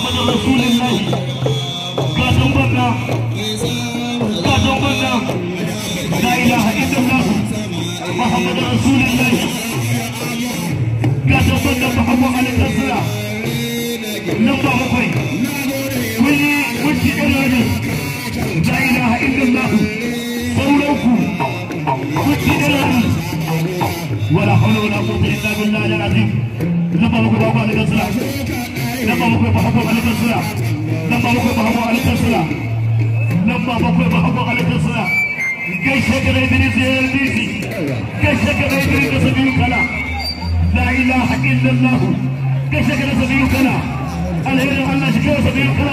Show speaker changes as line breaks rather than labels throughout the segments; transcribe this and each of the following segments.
محمد رسول الله قادم بنا قادم بنا لا إله إلا الله محمد رسول الله قادم بنا محمد على الأسرع نبع بقي ولي وجه إلهي لا إله إلا الله قولوكم وجه إلهي ولا حول ولا قوة إلا بالله العظيم نبع بقي بابا للأسرع lamba bakwai ba hagu halittar suna lamba bakwai ba hagu halittar suna lamba bakwai ba hagu halittar suna gaishe ka da idris ya yi disi gaishe ka da idris da sabiyu kala la ilaha illallah gaishe ka da sabiyu kala alherin allah shi kawai sabiyu kala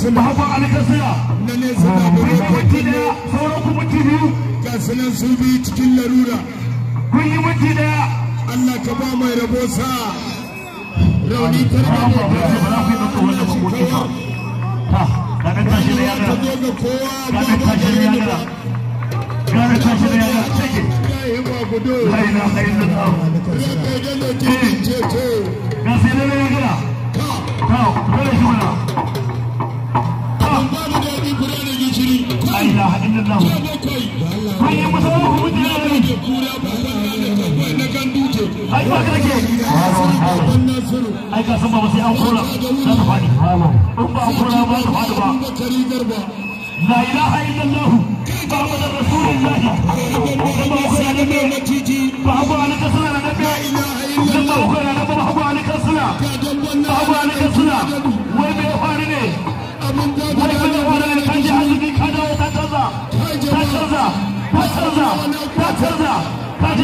bahagon alkasiya na nesa da bari da daya sauran kuma tibi ga sunan su biyu cikin larura kun yi wanti daya Allah ka ba mai rabo sa rauni karba mai karba Ganin tashi da yana, ta tashi da yana, ta tashi da yana, cikin. Laila, laila, laila. Eh, ga sai da yana gina. Kawo, kare shi mana. ilaha illallah kun yi musu hukunci ne ai ba ka ke ai ka ba sai an kula za ta fadi in ba an kula ba ta fadi ba la ilaha illallah محمد رسول الله اللهم صل على النبي محمد عليك الصلاه اللهم صل على النبي محمد عليك الصلاه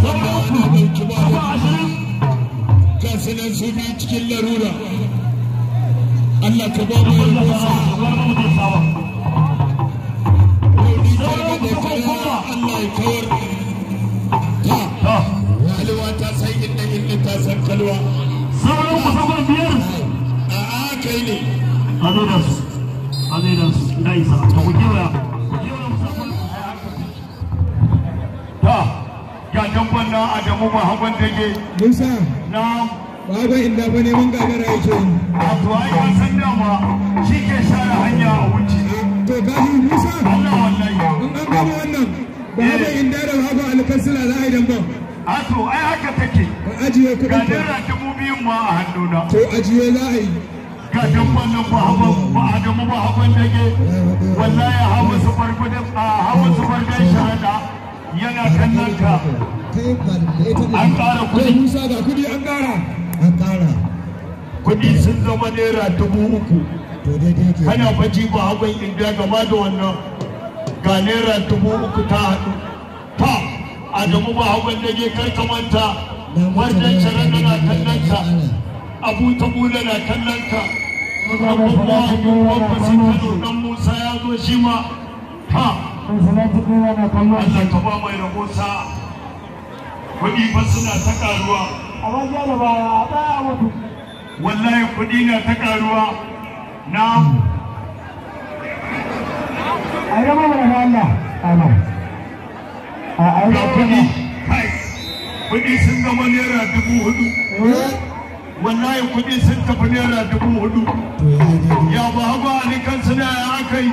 sunan su biyu cikin larura Allah ka ba mu yarwarsa Allah ya kawar ta kalwa ta san inda inda ta san kalwa sauran ku sauran biyar a a kai ne azidas azidas da isa ta ku kiwa da mu Adamu Muhammad Dage. Musa. Na. Baba inda ba neman gagara yake. A to ai ban san dama shi ke share hanya a wuce. To gahi Musa. Allah wallahi. mun an gama wannan baba eh. inda da baba alkasila za a yi damba. A to ai haka take. Ba ajiye kuɗin ka. Ga naira dubu biyun ma a hannuna. To ajiye za a yi. Ga damban nan ba hawa ba Adamu ba hawan dage. Wallahi hawa su farko da hawa su farko shahada. yana kallon ka an ƙara kuɗi kuɗi an ƙara an ƙara kuɗi sun zama naira dubu uku kana faji ba hagon indiya gama da wannan ga naira dubu uku ta haɗu ta adamu ba hagon da ke karkamanta wannan sharan na kallon ka abu ta bula na kallon ka abubuwa abubuwan su kano dan musa ya zo shi ma ha Allah ba mai kuɗi fa suna ta ƙaruwa. a wajen da ba a baya mutu wallahi kuɗi na ta ƙaruwa na a mana kuɗi kai kuɗi sun gama naira dubu hudu wallahi kuɗi sun tafi naira dubu hudu ya ba ba ni kansu ya aka yi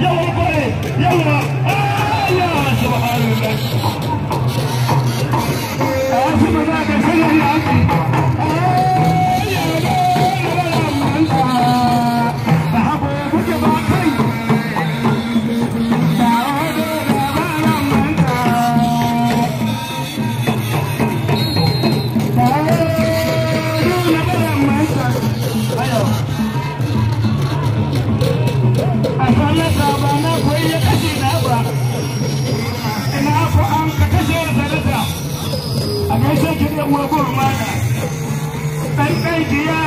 やおこれやお India.